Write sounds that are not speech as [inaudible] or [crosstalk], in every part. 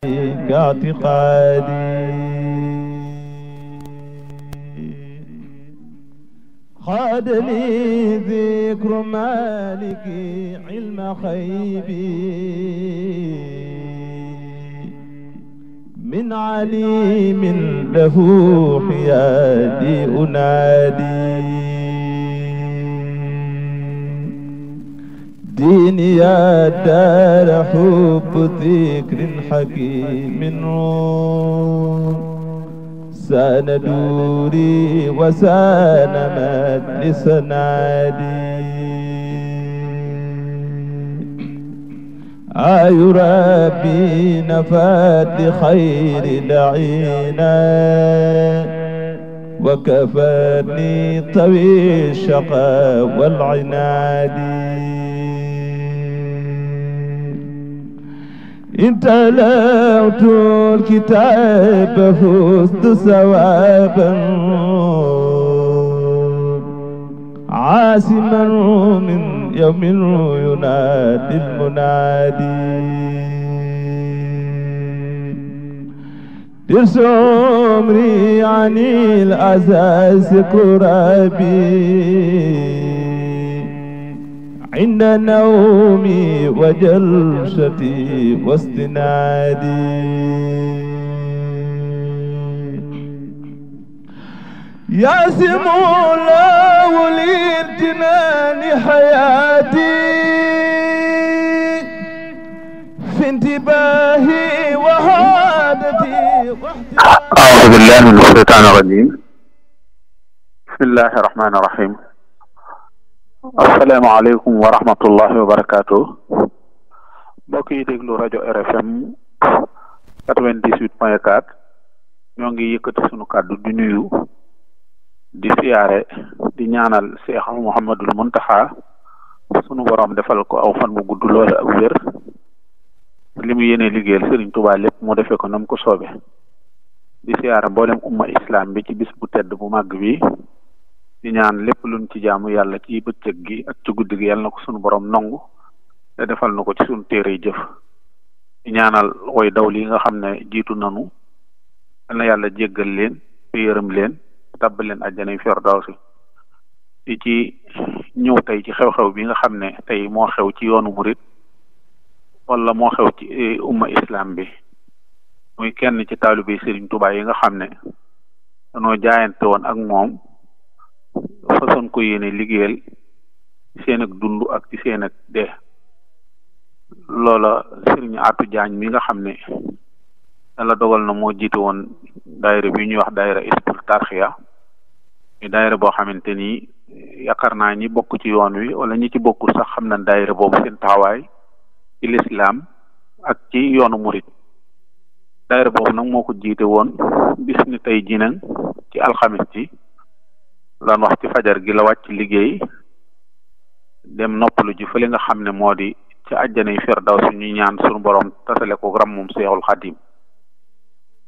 كاعتقادي خاد لي ذكر مالك علم خيبي من عليم له حيادي أنادي ديني يا دار حب ذكر حكيم روم سان دوري وسان مجلس نادي آي ربي نفات خير دعينا وكفاني طوي الشقاء والعناد انت تلوت الكتاب فزت ثوابا عاصما من يوم ينادي المنادي درس عمري عن الأساس كرابي عند نومي وجلستي واستنادي يا سمولا ولي حياتي في انتباهي وهادتي أعوذ بالله من الشيطان الرجيم بسم الله الرحمن الرحيم asalaamaaleykum wa rahmatullahi wa barakaatu. mbokk yi déglu rajo RFM quatre-vingt-dix-huit point quatre ñoo ngi yëkkati sunu kàddu di nuyu di siyaare di ñaanal Cheikh Mouhamadul Muntaxa sunu borom defal ko aw fan bu gudd loole ak wér li mu yéene liggéeyal Sëriñ Tuubaa lépp moo defee ko nam ko soobe di siyaare mboolem umma islam bi ci bis bu tedd bu màgg bi di ñaan lépp luñ ci jaamu yàlla ci bëccëg gi ak ci guddi gi ko suñu borom nangu te defal na ko ci suñu téere jëf di ñaanal way daw li nga xam ne jiitu nanu yal na yàlla jéggal leen te yërëm leen tàbb leen àjjana firdawsi di ci ñëw tey ci xew-xew bi nga xam ne tey moo xew ci yoonu murit wala moo xew ci eh, islam bi muy kenn ci taalibe Sëriñ Tuubaa yi nga xam ne danoo jaayante woon ak moom façon ko yéene liggéeyal ci seen ak dund ak ci seen ak dee loola sëriñ Atou Diagne mi nga xam ne yàlla dogal na moo jiite woon daayira bi ñuy wax daayira Hizbut Tarqiyyah ñu daayira boo xamante ni yaakaar naa ñi bokk ci yoon wi wala ñi ci bokkul sax xam na daayira boobu seen taxawaay ci lislaam ak ci yoonu murit daayira boobu nag moo ko jiite woon bis ni tey jii ci alxamis ji doon wax ci fajar gi la wàcc liggéey dem noppalu ji fële nga xam ne moo di ci àjjanay firdaw suñu ñaan suñu borom tasale ko moom seexul xadim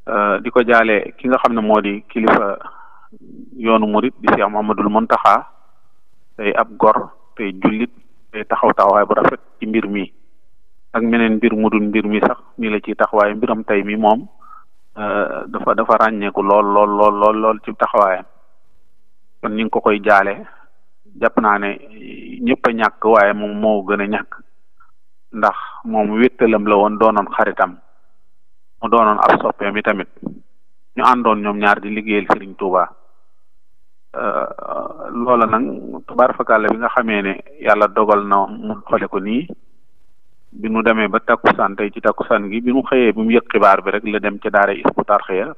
euh, di ko jaale ki nga xam ne moo di kilifa yoonu murit di seex Muhammadul Muntaxa tey ab gor tey jullit tey taxaw taxawaay bu rafet ci mbir mi ak meneen mbir mudul mbir mi sax nii la ciy taxawaay mbiram tey mi moom euh, dafa dafa ràññeeku lool lool lool lool lool ci taxawaayam kon ñu ngi ko koy jaale jàpp naa ne ñëpp a ñàkk waaye moom moo gën a ñàkk ndax moom wéttalam la woon doonoon xaritam mu doonoon ab soppeem yi tamit ñu àndoon ñoom ñaar di liggéeyal Sëriñ Tuuba euh, loola nag tabaarfakàlla bi nga xamee ne yàlla dogal na mu xole ko nii bi mu demee ba takkusaan tey ci takkusaan gi bi mu xëyee bi mu yëg xibaar bi rek la dem ca daara Hizbut Tarqiyyah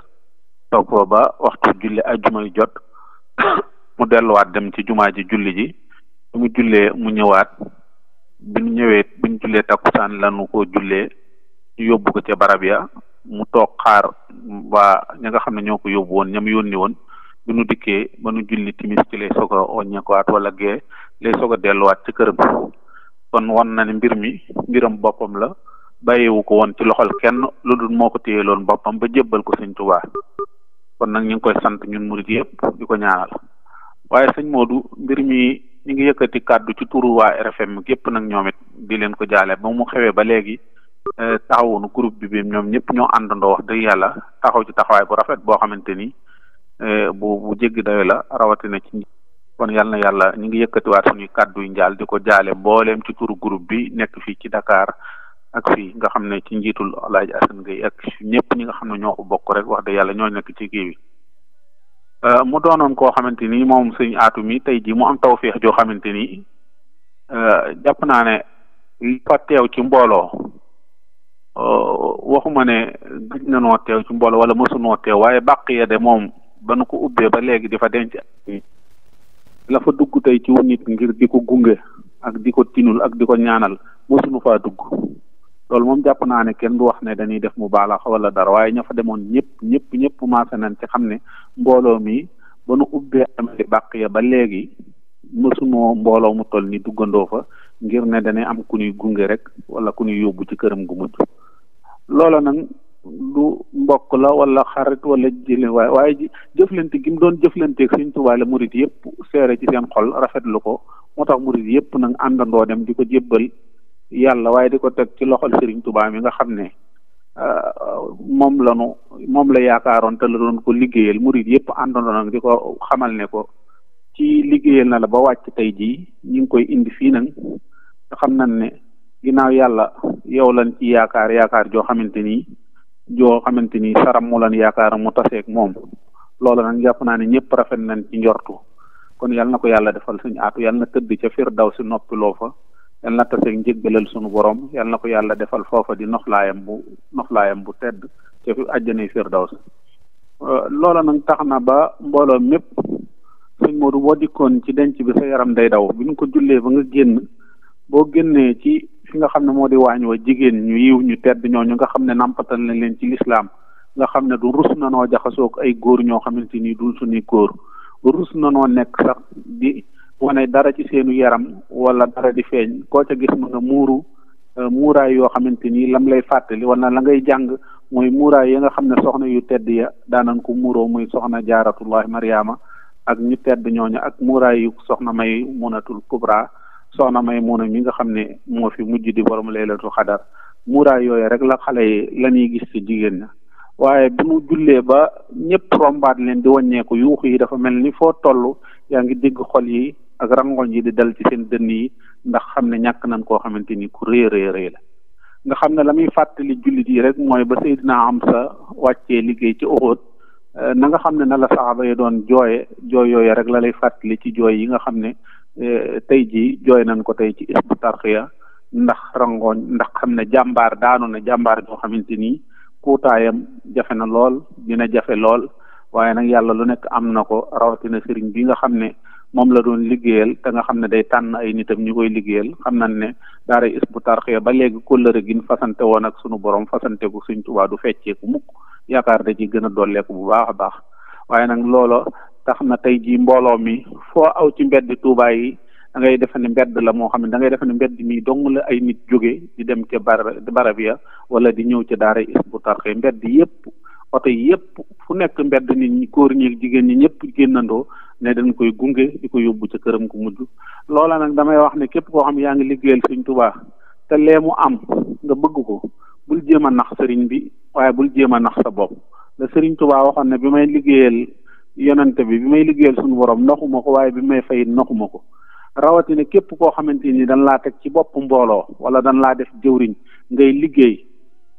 toog ba waxtu julli ajjumay jot [coughs] mu delluwaat dem ci jumaa ji julli ji bu mu jullee mu ñëwaat bi ñu ñëwee bi ñu jullee takkusaan lanu ko jullee yóbbu ko ca barab ya mu toog xaar waa ña nga xam ne ñoo ko yóbbu woon ñam yónni woon bi nu dikkee ba nu julli timis ci lay soog a oññeekuwaat wala gee lay soog a delluwaat ci këram kon won na ne mbir mi mbiram boppam la bàyyiwu ko woon ci loxol kenn lu dul moo ko téye téyeloon boppam ba jébbal ko sëñ Tuubaa kon nag ñu ngi koy sant ñun mu yëpp di ko ñaanal waaye sëñ moodu mbir mi ñu ngi yëkkati kàddu ci turu waa RFM yëpp nag ñoom di leen ko jaale moom mu xewee ba léegi euh, taxawoonu groupe bi bi ñoom ñëpp ñoo àndandoo wax dëgg yàlla taxaw ci taxawaay bu rafet boo xamante ni euh, bu bu jéggi dayo la rawatina ci kon yal na yàlla ñu ngi yëkkatiwaat suñuy kàddu yu njaal di ko jaale mbooleem ci turu groupe bi nekk fii ci Dakar ak fii nga xam ne ci njiitul Alaaji Asan Gay ak ñëpp ñi nga xam ne ñoo ko bokk rek wax dëgg yàlla ñoo nekk ci kii bi Euh, mu doonoon koo xamante ni moom sëñ aatu mi tey jii mu am tawféex joo xamante ni euh, jàpp naa ne li fa teew ci mbooloo euh, waxuma ne gëj na noo teew ci mbooloo wala mësunoo teew waaye bàq ya de moom ba nu ko ubbee ba léegi di fa denc la fa dugg tey ci nit ngir di ko gunge ak di ko tinul ak di ko ñaanal mësunu faa dugg loolu moom jàpp naa ne kenn du wax ne dañuy def mu baalax wala dara waaye ña fa demoon ñëpp ñëpp ñëpp commencé nañ ci xam ne mbooloo mi ba nu ubbee amee bàq ya ba léegi mësunoo mbooloo mu toll ni duggandoo fa ngir ne dañuy am ku gunge rek wala ku ñuy yóbbu ci këram gu mujj loola nag du mbokk la wala xarit wala jële waaye waaye jëflante gi mu doon jëflanteeg Sëñ Tuubaa la murit yëpp seere ci seen xol rafetlu ko moo tax murit yëpp nag àndandoo dem di ko jébbal yàlla waaye di ko teg ci loxol Serigne tubaab mi nga xam ne euh, moom la nu moom la yaakaaroon te ko liggéeyal murid yëpp àndandoon ak di ko xamal ne ko ci liggéeyal na la ba wàcc tey jii ñu ngi koy indi fii nag te xam nañ ne ginnaaw yàlla yow lan ci yaakaar yaakaar joo xamante ni joo xamante ni saram mu lan yaakaar mu taseeg moom loolu nag jàpp naa ne ñëpp rafet nañ ci njortu kon yàlla na ko yàlla defal suñu aatu yàlla na tëdd ca firdawsi noppiloo fa yal na taseeg njëggalal sunu borom yal na ko yàlla defal foofa di noflaayam bu noflaayam bu tedd ca fi àjjanay firdaws euh, loola nag tax na ba mbooloo mépp sëñ Modou boo dikkoon ci denc bi sa yaram day daw bi ñu ko jullee ba nga génn boo génnee ci fi nga xam ne moo di waañ wa jigéen ñu yiw ñu tedd ñooñu nga xam ne nampatal nañ leen ci lislaam nga xam ne du rus na noo jaxasoog ay góor ñoo xamante nii du suñuy góor rus na noo nekk sax di wane dara ci seenu yaram wala dara di feeñ koo ca gis ma nga muuru euh, muuraay yoo xamante ni lam lay fàttali wala la ngay jàng mooy muuraay ya nga xam ne soxna yu tedd ya daanan ko muuroo muy soxna jaaratullahi mariama ak ñu tedd ñooñu ak muuraay yu soxna may munatul kubra soxna may muna mi nga xam ne moo fi mujj di borom leylatu xadar muuraay yooyu rek la xale yi la ñuy gis ci jigéen ña waaye bi mu jullee ba ñëpp rombaat leen di wàññeeku yuux yi dafa mel ni foo toll yaa ngi dégg xol yi ak rangoñ yi di dal ci seen dënn yi ndax xam ne ñàkk nañ koo xamante ni ku rëy rëy rëy la nga xam ne la muy fàttali jullit yi rek mooy ba Seydina Amsa wàccee liggéey ci Uhud eh, na nga xam ne na la saxaaba yi doon jooye jooy yooyu rek la lay fàttali ci jooy yi nga xam ne eh, tey ji jooy nañ ko tey ci Hizbut Tarqiyyah ndax rangoñ ndax xam ne jàmbaar daanu na jàmbaar joo xamante ni kuutaayam jafe na lool dina jafe lool waaye nag yàlla lu nekk am na ko rawatina sëriñ bi moom la doon liggéeyal te nga xam ne day tànn ay nitam ñu koy liggéeyal xam nañ ne daara Hizbut Tarqiyyah ba léegi a gin fasante woon ak sunu borom fasante gu suñ Tuubaa du fecceeku mukk yaakaar da ci gën a dolleeku bu baax a baax waaye nag loola tax na tey jii mbooloo mi foo aw ci mbedd Tuubaa yi da ngay defe ne mbedd la moo xam ne dangay ngay defe ne mbedd mii dong la ay nit jóge di dem ca bara barab ya wala di ñëw ca daara Hizbut Tarqiyyah mbedd yépp oto yëpp fu nekk mbedd nit ñi góor ñi jigéen ñi ñëpp génnandoo ne dañ koy gunge di ko yóbbu ca këram ku mujj loola nag damay wax ne képp koo xam ne yaa ngi liggéeyal sëñ tubaa te lee mu am nga bëgg ko bul jéem a nax sëriñ bi waaye bul jéem a nax sa bopp la sëriñ tubaa waxoon ne bi may liggéeyal yonante bi bi may liggéeyal suñu borom naxuma ko waaye bi may fay naxuma ko rawatina képp koo xamante ni dañ laa teg ci bopp mbooloo wala dañ laa def jëwriñ ngay liggéey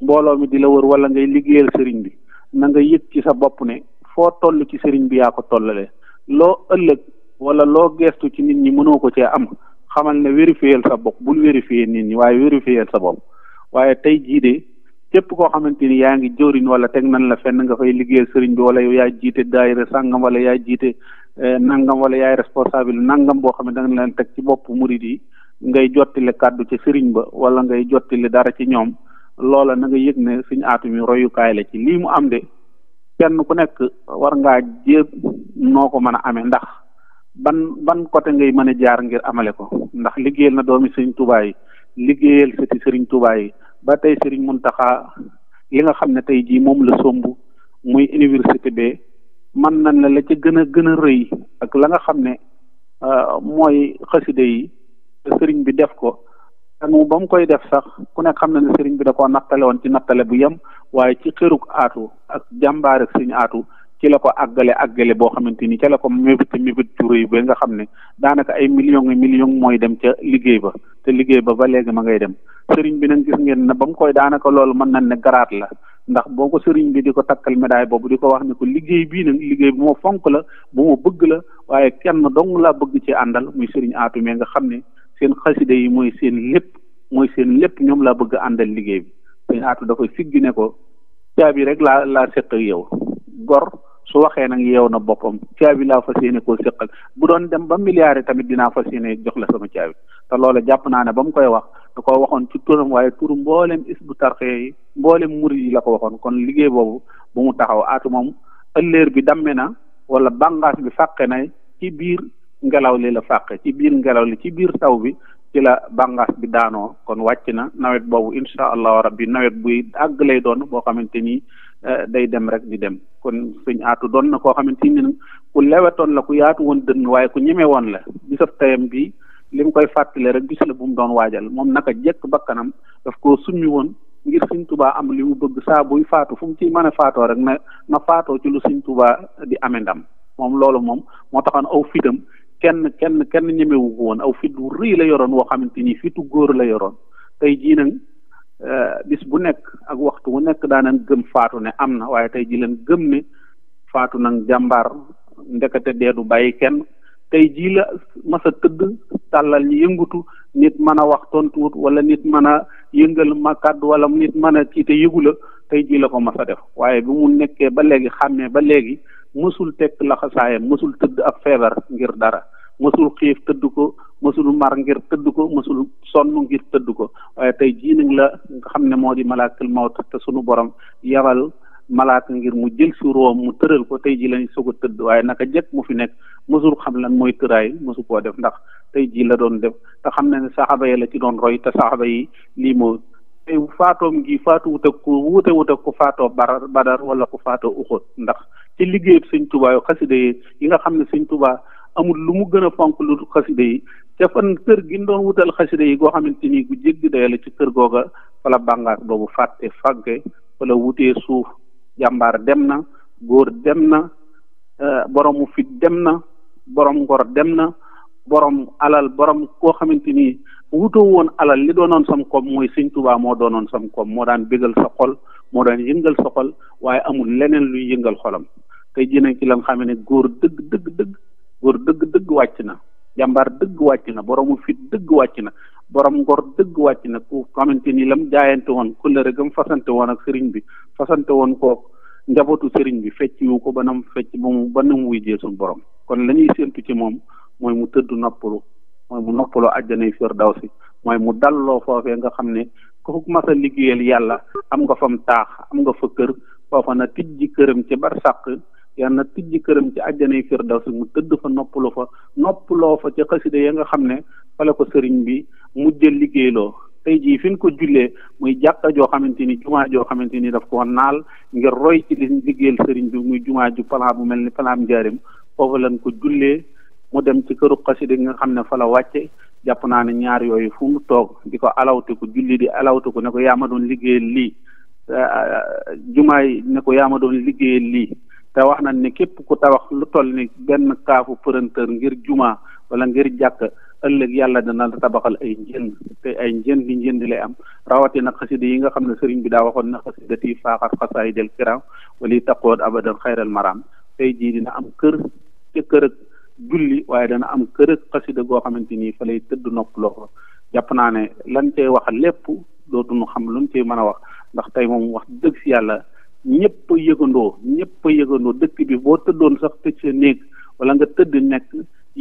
mbooloo mi di la wër wala ngay liggéeyal sëriñ bi na nga yëg ci sa bopp ne foo toll ci sëriñ bi yaa ko tollale loo ëllëg wala loo gestu ci nit ñi mënoo ko cee am xamal ne vérifier sa bopp bul vérifier nit ñi waaye vérifier sa bopp waaye tey jii de képp koo xamante ni yaa ngi jëwriñ wala teg nan la fenn nga fay liggéeyal sëriñ bi wala yow yaa jiite daayira sàngam wala yaa jiite eh, nangam wala yaay responsable nangam boo xam ne da nga leen teg ci bopp murid yi ngay jottile kàddu ci sëriñ ba wala ngay jottile dara ci ñoom loola na nga yëg ne suñ aatu mi royukaay la ci lii mu am de kenn ku nekk war ngaa jéem noo ko mën a amee ndax ban ban côté ngay mën a jaar ngir amale ko ndax liggéeyal na doomi sëriñ Tuubaa yi liggéeyal sëriñ Tuubaa yi ba tey sëriñ mun Muntaxa li nga xam ne tey jii moom la somb muy université bi man nañ la la ca gën a gën a rëy ak la nga xam ne euh, mooy xaside yi sëriñ bi def ko moom ba mu koy def sax ku nekk xam na ne sëriñ bi da koo nattale woon ci nattale bu yem waaye ci xëruk aatu ak jàmbaar ak sëriñ aatu ci la ko àggale àggale boo xamante ni ca la ko mébét mébét ju rëy ba nga xam ne daanaka ay millions et mooy dem ca liggéey ba te liggéey ba ba léegi ma ngay dem sëriñ bi nag gis ngeen ne ba mu koy daanaka loolu mën nañ ne garaat la ndax boo ko sëriñ bi di ko takkal médaille boobu di ko wax ne ko liggéey bii nag liggéey bu ma fonk la bu ma bëgg la waaye kenn dong laa bëgg ci àndal muy sëriñ aatu mais nga xam ne seen xasida yi mooy seen lépp mooy seen lépp ñoom laa bëgg àndal liggéey bi sëñ aatu dafa siggi ne ko caabi rek laa laa séq yow gor su waxee nag yeew na boppam caabi laa fas yéene ko séqal bu doon dem ba milliard tamit dinaa fas yéene jox la sama caabi te loola jàpp naa ne ba mu koy wax da ko waxoon ci turam waaye turu mboolem bu tarxee yi mboolem murid yi la ko waxoon kon liggéey boobu bu mu taxaw aatu moom ëllëer bi damme na wala bàngaas bi fàqe na ci biir ngelaw li la fàq ci biir ngelaw li ci biir taw bi ci la bàngaas bi daanoo kon wàcc na nawet boobu incha allahu rabbi nawet buy àgg lay doon boo xamante ni eh, day dem rek di dem kon suñ aatu doon na koo xamante ni ku lewetoon la ku yaatu woon dënn waaye ku ñeme woon la bisab tayam bi li mu koy fàttale rek gis la bu mu doon waajal moom naka jekk bakkanam daf ko summi woon ngir Sëñ tubaa am li mu bëgg saa buy faatu fu ci mën a faatoo rek na na faatoo ci lu Sëñ Tuubaa di ame ndam moom loolu moom moo taxoon aw fitam kenn kenn kenn ñemewu woon aw fit wu rëy la yoroon woo xamante ni fitu góor la yoroon tey jii nag euh, bis bu nekk ak waxtu bu nekk daanan gëm faatu ne am na waaye tey ji leen gëm ne faatu nag jàmbaar ndekate dee du bàyyi kenn tey jii la masa tëdd tàllal ñi yëngutu nit mën a wax tontuut wala nit mën a yëngal ma kàddu wala nit mën a kii yëgu la tey jii la ko masa def waaye bi mu nekkee ba léegi xàmmee ba léegi mosul tekk laxasaayam mosul tëdd ak feebar ngir dara mësul xiif tëdd ko mësul mar ngir tëdd ko mësul sonn ngir tëdd ko waaye tey jii nag la nga xam ne moo di malaakal mawt te sunu borom yabal malaaka ngir mu jël si mu tëral ko tey jii lañ soog a tëdd waaye naka jëkk mu fi nekk mësul xam lan mooy tëraay mësu koo def ndax tey jii la doon def te xam ne ne saxaaba yi la ci doon roy te saxaaba yi lii moo tey faatoom gi faatu wut ak ku wut ak ku faatoo badar wala ku faatoo uxóot ndax ci liggéeyub sëñ tubaa yu xaside amul lu mu gën a fonk lu xasida yi ca fan kër gi doon wutal xasida yi goo xamante ni gu jéggi daya ci kër googa fala bàngaar boobu fàtte fàgge fala wute suuf jàmbaar dem na góor dem na euh, boroomu fit dem na borom ngor dem na borom alal borom koo xamante ni wutoo woon alal li doonoon sam koom mooy sëñ Tuubaa moo doonoon sam koom moo daan bégal sa xol moo daan yëngal sa xol waaye amul leneen luy yëngal xolam tey jii nañ ci lan xam ne góor dëgg dëgg dëgg góor dëgg dëgg wàcc na jàmbaar dëgg wàcc na boromu fit dëgg wàcc na borom ngor dëgg wàcc na ku xamante ni la lam jaayante woon kullëre am fasante woon ak sëriñ bi fasante woon kook njabootu sëriñ bi fecc wu ko banam fecc ba mu ba nam wuy suñ borom kon la ñuy séentu ci moom mooy mu tëddu noppalu mooy mu noppaloo àjjanay si mooy mu dalloo foofee nga xam ne ku mas a liggéeyal yàlla am nga fam taax am nga fa kër foofa na ji këram ci bar sàq yal na tijji këram ci yi àjjanay firdaws mu tëdd fa noppalu fa noppuloo fa ca xasida ya nga xam ne fale ko sëriñ bi mujjë liggéeyloo tey jii fi ñu ko julee muy jàkka joo xamante ni jumaa joo xamante ni daf ko naal ngir roy ci li sëriñ bi muy jumaa ju palaa bu mel ni palaam njaarim foofu lañ ko julee mu dem ci këru xasida nga xam ne fa la wàcce jàpp naa ne ñaar yooyu fu mu toog di ko alawte ko julli di alawte ko ne ko yaama doon liggéeyal lii jumaa yi ne ko yaa ma doon lii te wax nañ ne képp ku tabax lu toll ni benn kaafu përëntër ngir jumaa wala ngir jàkk ëllëg yàlla dana la tabaxal ay njënd te ay njënd di lay am rawatina xasida yi nga xam ne sëriñ bi daa waxoon na xasida ti faaxat xasaay del kiram wali taqood abadan xayral maram tey jii dina am kër ca kër ak julli waaye dana am kër ak xasida goo xamante nii fa lay tëdd nopp loo ko jàpp naa ne lan cay wax lépp dootuñu xam luñ cay mën a wax ndax tey moom wax dëgg si yàlla ñëpp a yëgandoo ñëpp a yëgandoo dëkk bi boo tëddoon sax tëj sa néeg wala nga tëdd nekk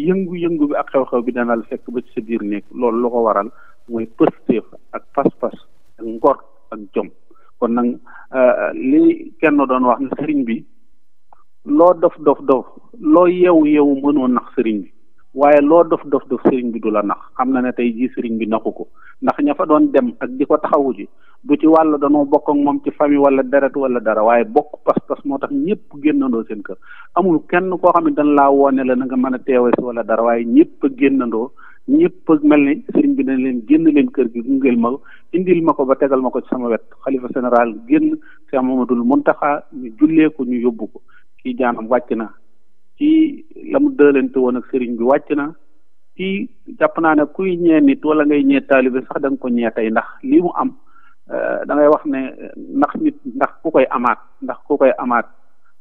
yëngu-yëngu bi ak xew-xew bi dana la fekk ba ci sa biir néeg loolu lu ko waral mooy pëstéef ak pas-pas ak ngor ak jom kon nag euh, li kenn doon wax ne sëriñ bi loo dof dof dof loo yeewu yeewu mënoo nax sëriñ bi waaye loo dof dof dof sëriñ bi du la nax xam na ne tey jii sëriñ bi naxu ko ndax ña fa doon dem ak di ko taxawu ji du ci wàll danoo bokk ak moom ci famille wala deret wala dara waaye bokk pas-pas moo tax ñëpp génnandoo seen kër amul kenn koo xam ne dañ laa woone la na nga mën a teewe si wala dara waaye ñëpp génnandoo ñëpp mel ni sëriñ bi dañ leen génn leen kër gi gungeel ma indil ma ko ba tegal ma ko ci sama wet xalifa général génn Cheikh Mamadou Mountakha ñu jullee ñu yóbbu ko kii jaanam wàcc na ci la mu dëlante woon ak sëriñ bi wàcc na ci jàpp naa ne kuy ñee nit wala ngay ñee taalibe sax danga ko ñee tey ndax lii mu am euh, da ngay wax ne euh, ndax nit ndax ku koy amaat ndax ku koy amaat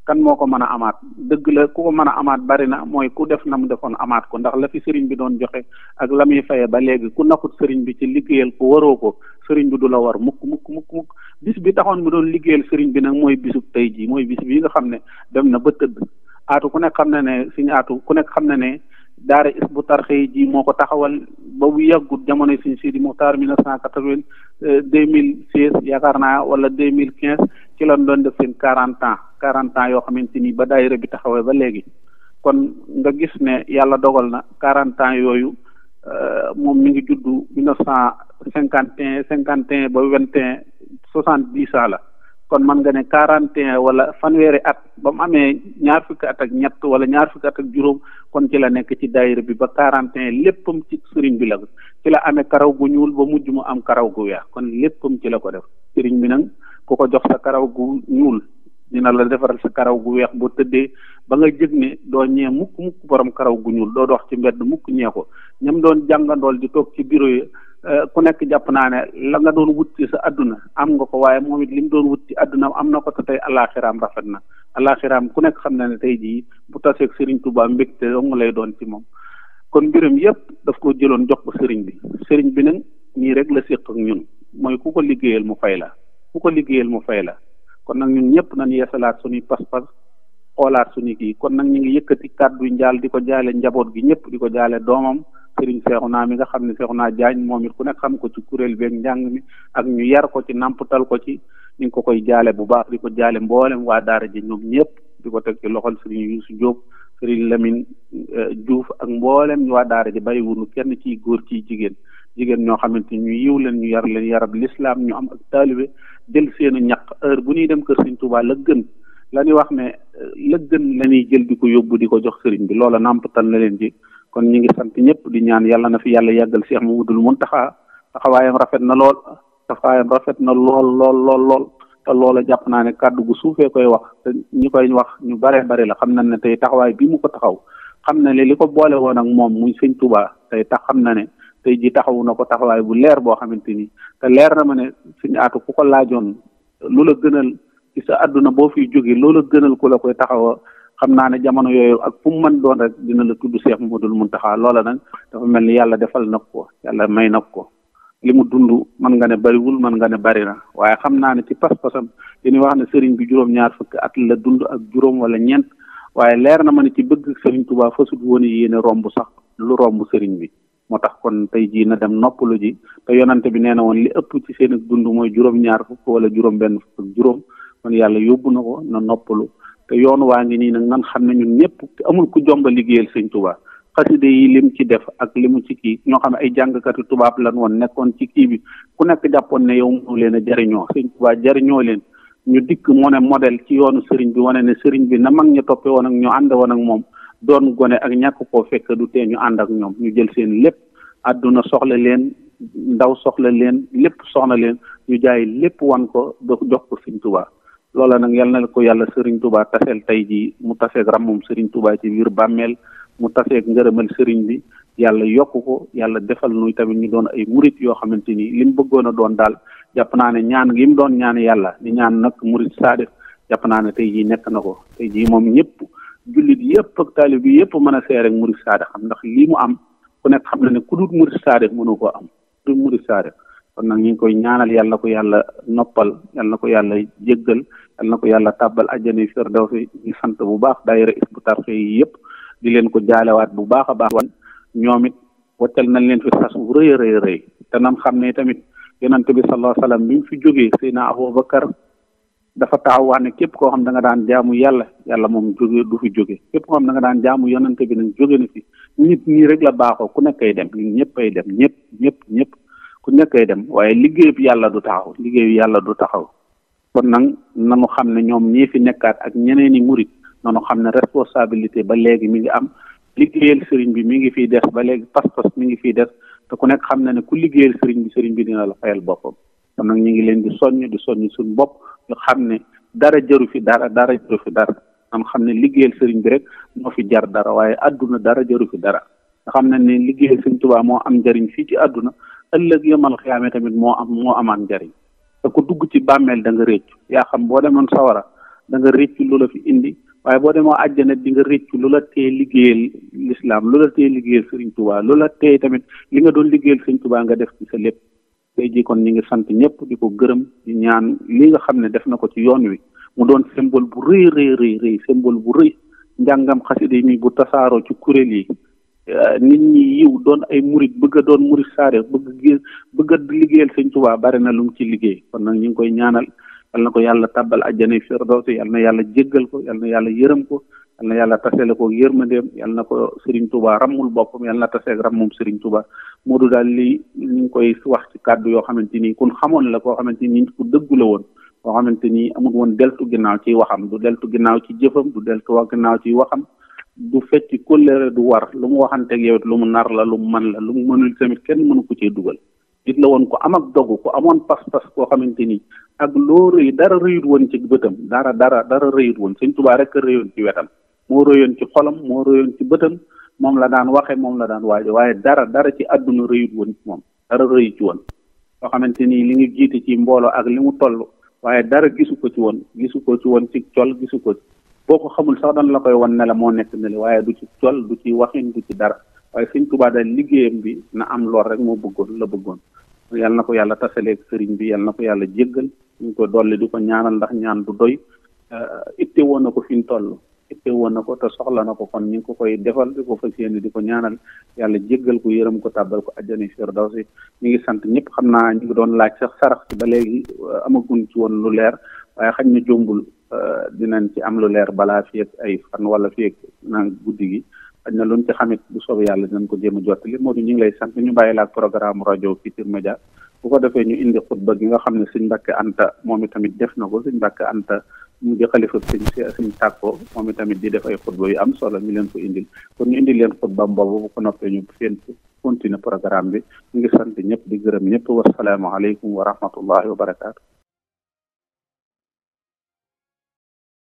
kan moo ko mën a amaat dëgg la ku ko mën a amaat bari na mooy ku def na mu defoon amaat ko ndax la fi sëriñ bi doon joxe ak la muy faye ba léegi ku naxut sëriñ bi ci liggéeyal ku waroo ko sëriñ bi du la war mukk mukk mukk bis bi taxoon mu doon liggéeyal sëriñ bi nag mooy bisub tey jii mooy bis bii nga xam ne dem na ba tëdd atu ku nekk xam na ne suñu aatu ku nekk xam na ne daara bu Tarqiyyah ji moo ko taxawal ba bu yàggut jamono suñu Sidi Muxtaar mille neuf cent quatre-vingt deux mille seize yaakaar naa wala deux mille quinze ci lañ doon def seen quarante ans quarante ans yoo xamante ni ba daayira bi taxawee ba léegi kon nga gis ne yàlla dogal na quarante ans yooyu euh, moom mi ngi juddu mille neuf cent cinquante cinquante et ba vingt et un soixante-dix ans la kon mën nga ne quarante et wala fanweeri at ba mu amee ñaar fukki at ak ñett wala ñaar fukki at ak juróom kon ci la nekk ci daayira bi ba quarante et un léppam ci sëriñ bi la ci la amee karaw gu ñuul ba mujj mu am karaw gu weex kon léppam ci la ko def sëriñ bi nag ku ko jox sa karaw gu ñuul dina la defaral sa karaw gu weex boo tëddee ba nga jëg ne doo ñee mukk mukk borom karaw gu ñuul doo dox ci mbedd mukk ñee ko ñam doon jàngandool di toog ci bureau yi Euh, ku nekk jàpp naa ne la nga doon wut ci sa àdduna am nga ko waaye moom it li mu doon wut ci àdduna am na ko te tey alaxiraam rafet na alaxiraam ku nekk xam na ne tey jii bu taseeg Serigne Touba mbégte dong lay doon ci moom kon mbiram yëpp daf ko jëloon jox ko bi Serigne bi nag ñii rek la séq ak ñun mooy ku ko liggéeyal mu fay la ku ko liggéeyal mu fay la kon nag ñun ñëpp nañ yeesalaat suñuy pas-pas xoolaat suñu kii kon nag ñu ngi yëkkati kàddu njaal di ko jaale njaboot gi ñëpp di ko jaale doomam sëriñ Seexuna mi nga xam ne Seexuna Jaañ moom it ku nekk xam ko ci kuréel beeg njàng mi ak ñu yar ko ci namputal ko ci ñu ngi ko koy jaale bu baax di ko jaale mboolem waa daara ji ñoom ñëpp di ko teg ci loxol sëriñ Yuusu Jóob sëriñ Lamin Juuf euh, ak mboolem waa daara ji bàyyiwunu kenn ciy góor ciy jigéen jigéen ñoo xamante ñu yiw leen ñu yar leen yarab lislaam ñu am ak taalibe jël seenu ñaq heure bu ñuy dem kër sëriñ Tuubaa la gën la ñuy wax ne euh, la gën la ñuy jël di ko yóbbu di ko jox sëriñ bi loola nàmpatal na leen ji kon ñu ngi sant ñëpp di ñaan yàlla na fi yàlla yàggal Cheikh Mamadou Mountakha taxawaayam rafet na lool taxawaayam rafet na lool lool lool lool te loola jàpp naa ne kàddu gu suufee koy wax te ñi koy wax ñu bare bari la xam na ne tey taxawaay bi mu ko taxaw xam na ne li ko boole woon ak moom muy sëñ Touba tey tax xam na ne tey ji taxawu na ko taxawaay bu leer boo xamante ni te leer na ma ne suñu aatu ku ko laajoon lu la boo fiy jógee loola gënal ku la koy taxawa xam naa ne jamono yooyu ak fu mu mën doon rek dina la tudd Cheikh mun Mountakha loola nag dafa mel ni yàlla defal na ko yàlla may na ko li mu dund man nga ne bariwul man nga ne bari na waaye xam naa ne ci pas-pasam dañuy wax ne sëriñ bi juróom-ñaar fukki at la dund ak juróom wala ñeent waaye leer na ma ne ci bëgg sëriñ Touba fasut woon yéene romb sax lu romb sëriñ bi moo tax kon tey jii na dem noppalu ji te yonante bi nee na woon li ëpp ci seen dund mooy juróom-ñaar wala juróom-benn yàlla yóbbu na ko na te yoon waa ngi nii nag nan xam ne ñun ñëpp te amul ku jomba liggéeyal sëñ Touba xaside yi lim ci def ak limu ci kii ñoo xam ne ay jàngkati tubaab lan woon nekkoon ci kii bi ku nekk jàppoon ne yow mënu leen a jariñoo sëñ Touba jariñoo leen ñu dikk moo ne modèle ci yoonu sëriñ bi wane ne sëriñ bi na mag ñu toppee woon ak ñu ànd woon moom doon gone ak ñàkk koo fekk du tee ñu ànd ak ñoom ñu jël seen lépp àdduna soxla leen ndaw soxla leen lépp soxla leen ñu jaay lépp wan ko jox ko sëñ Touba loola nag yal na ko yàlla Serigne Touba taseel tey jii mu taseeg ràmmum Serigne Touba ci biir bàmmeel mu taseeg ngërëmal Serigne bi yàlla yokk ko yàlla defal nuy tamit ñu doon ay murit yoo xamante ni li bëggoon a doon daal jàpp naa ne ñaan gi doon ñaan yàlla di ñaan nag murit saade jàpp naa ne tey jii nekk na ko tey jii moom ñëpp jullit yëpp ak taalib bi yëpp mën a seere ak murit saade xam ndax lii mu am ku nekk xam na ne ku dut murit saade mënu ko am ku dut murit saadix nag ñu ngi koy ñaanal yàlla ko yàlla noppal yàlla ko yàlla yal na ko yàlla tàbbal àjjana firdawsi ñu sant bu baax daayira Hizbut Tarqiyyah yi yëpp di leen ko jaalewaat bu baax a baax wan ñoom it waccal nañ leen fi sas bu rëy a rëy rëy te nam xam ne tamit yonent bi sallallahu alayhi wa sallam bi mu fi jógee Seydina Abubakar dafa taxaw wax ne képp koo xam da nga daan jaamu yàlla yàlla moom jóge du fi jóge képp koo xam daan jaamu yonent bi nag jóge na fi nit ñi rek la baaxoo ku nekkay dem ñun ñëpp ay dem ñëpp ñëpp ñëpp ku nekkay dem waaye liggéey yàlla du taxaw liggéey yàlla du taxaw kon nag na nanu xam ne ñoom ñii fi nekkaat ak ñeneen i murit nanu xam ne responsabilité ba léegi mi ngi am liggéeyal sëriñ bi mi ngi fi des ba léegi pas-pas mi ngi fiy des te ku nekk xam na ne ku liggéeyal sëriñ bi sëriñ bi dina la boppam kon nag ñu ngi leen di soññ di soññ suñu bopp ñu xam ne dara jaru fi dara dara fi dara nga xam ne liggéeyal sëriñ bi rek moo fi jar dara waaye àdduna dara jaru fi dara nga xam ne ne liggéeyal sëriñ Tuubaa moo am njariñ fii ci àdduna ëllëg yomal xiyaame tamit moo am moo amaan njariñ te ko dugg ci bàmmeel da nga réccu yaa xam boo demoon sawara da nga réccu lu la fi indi waaye boo demoo àjjana di nga réccu lu la tee liggéeyal lislaam lu la tee liggéeyal sëriñ tubaa lu tamit li nga doon liggéeyal sëriñ tubaa nga def ci sa lépp tey jii kon ñi ngi sant ñëpp di ko gërëm di ñaan li nga xam ne def na ko ci yoon wi mu doon symbole bu rëy rëy rëy rëy bu rëy njàngam xasida yi bu tasaaroo ci kuréel yi Euh, nit ñi yiw doon ay murit bëgg doon murit saare bëgg gé bëgg liggéeyal sëñ Tuubaa bari na lu mu ci liggéey kon nag ñu ngi koy ñaanal yal na ko yàlla tabbal àjjana firdawsi yal na yàlla jéggal ko yal na yàlla yërëm ko yal na yàlla tasele ko yërmandeem yal na ko Serigne Touba rammul boppam yal na taseeg rammum Serigne Touba Modou daal lii ñu ngi koy wax ci kàddu yoo xamante ni kun xamoon la koo xamante ni ku dëggu la woon koo xamante ni amul woon deltu ginnaaw ciy waxam du deltu ginnaaw ci jëfam du deltu ginnaaw ciy waxam du fecc kóllëre du war lu mu waxante yow lu mu nar la lu mu man la lu mu mënul tamit kenn mënu ko cee dugal nit la woon ko am ak dogu ko amoon pas-pas koo xamante ni ak loo rëy dara rëyut woon ci bëtam dara dara dara rëyut woon Sëñ Tuubaa rek rëyoon ci wetam moo rëyoon ci xolam moo rëyoon ci bëtam moom la daan waxe moom la daan waaje waaye dara dara ci àdduna rëyut woon ci moom dara rëyu ci woon koo xamante ni li nga jiite ci mbooloo ak li mu toll waaye dara gisu ko ci woon gisu ko ci woon ci col gisu ko boo ko xamul sax dan la koy wan ne la moo nekk ne waaye du ci tool du ci waxin du ci dara waaye sëñ Tuubaa liggéeyam bi na am lool rek moo bëggoon la bëggoon yàlla na ko yàlla tasaleeg sëriñ bi yàlla na ko yàlla jéggal ñu ko dolli di ko ñaanal ndax ñaan du doy euh, itte woon na ko fi mu toll itte woon na ko te soxla na ko kon ñu ngi ko koy defal di ko fas di ko ñaanal yàlla jéggal ko yërëm ko tàbbal ko àjjana firdawsi ñu ngi sant ñëpp xam naa ñu ngi doon laaj sax sarax si ba léegi euh, amaguñ ci woon lu leer waaye xañ na jombul Euh, dinañ ci am lu leer balaa fii ay fan wala fii ak na guddi gi xëy na luñ ci xamit bu soobee yàlla dinañ ko jéem a jottali Modou ñu ngi lay sant ñu bàyyi laak programme rajo Futurs Médias bu ko defee ñu indi xutba gi nga xam ne sëñ Mbàkke Anta moom itamit def na ko sëñ Mbàkke Anta mu di xalifa sëñ sëñ tàkko moom itamit di def ay xutba yu am solo ñu leen ko indil kon ñu indil leen xutba mboobu bu ko noppee ñu feen continuer programme bi ñu ngi sant ñëpp di gërëm ñëpp wasalaamaaleykum wa rahmatullahi wa barakaatu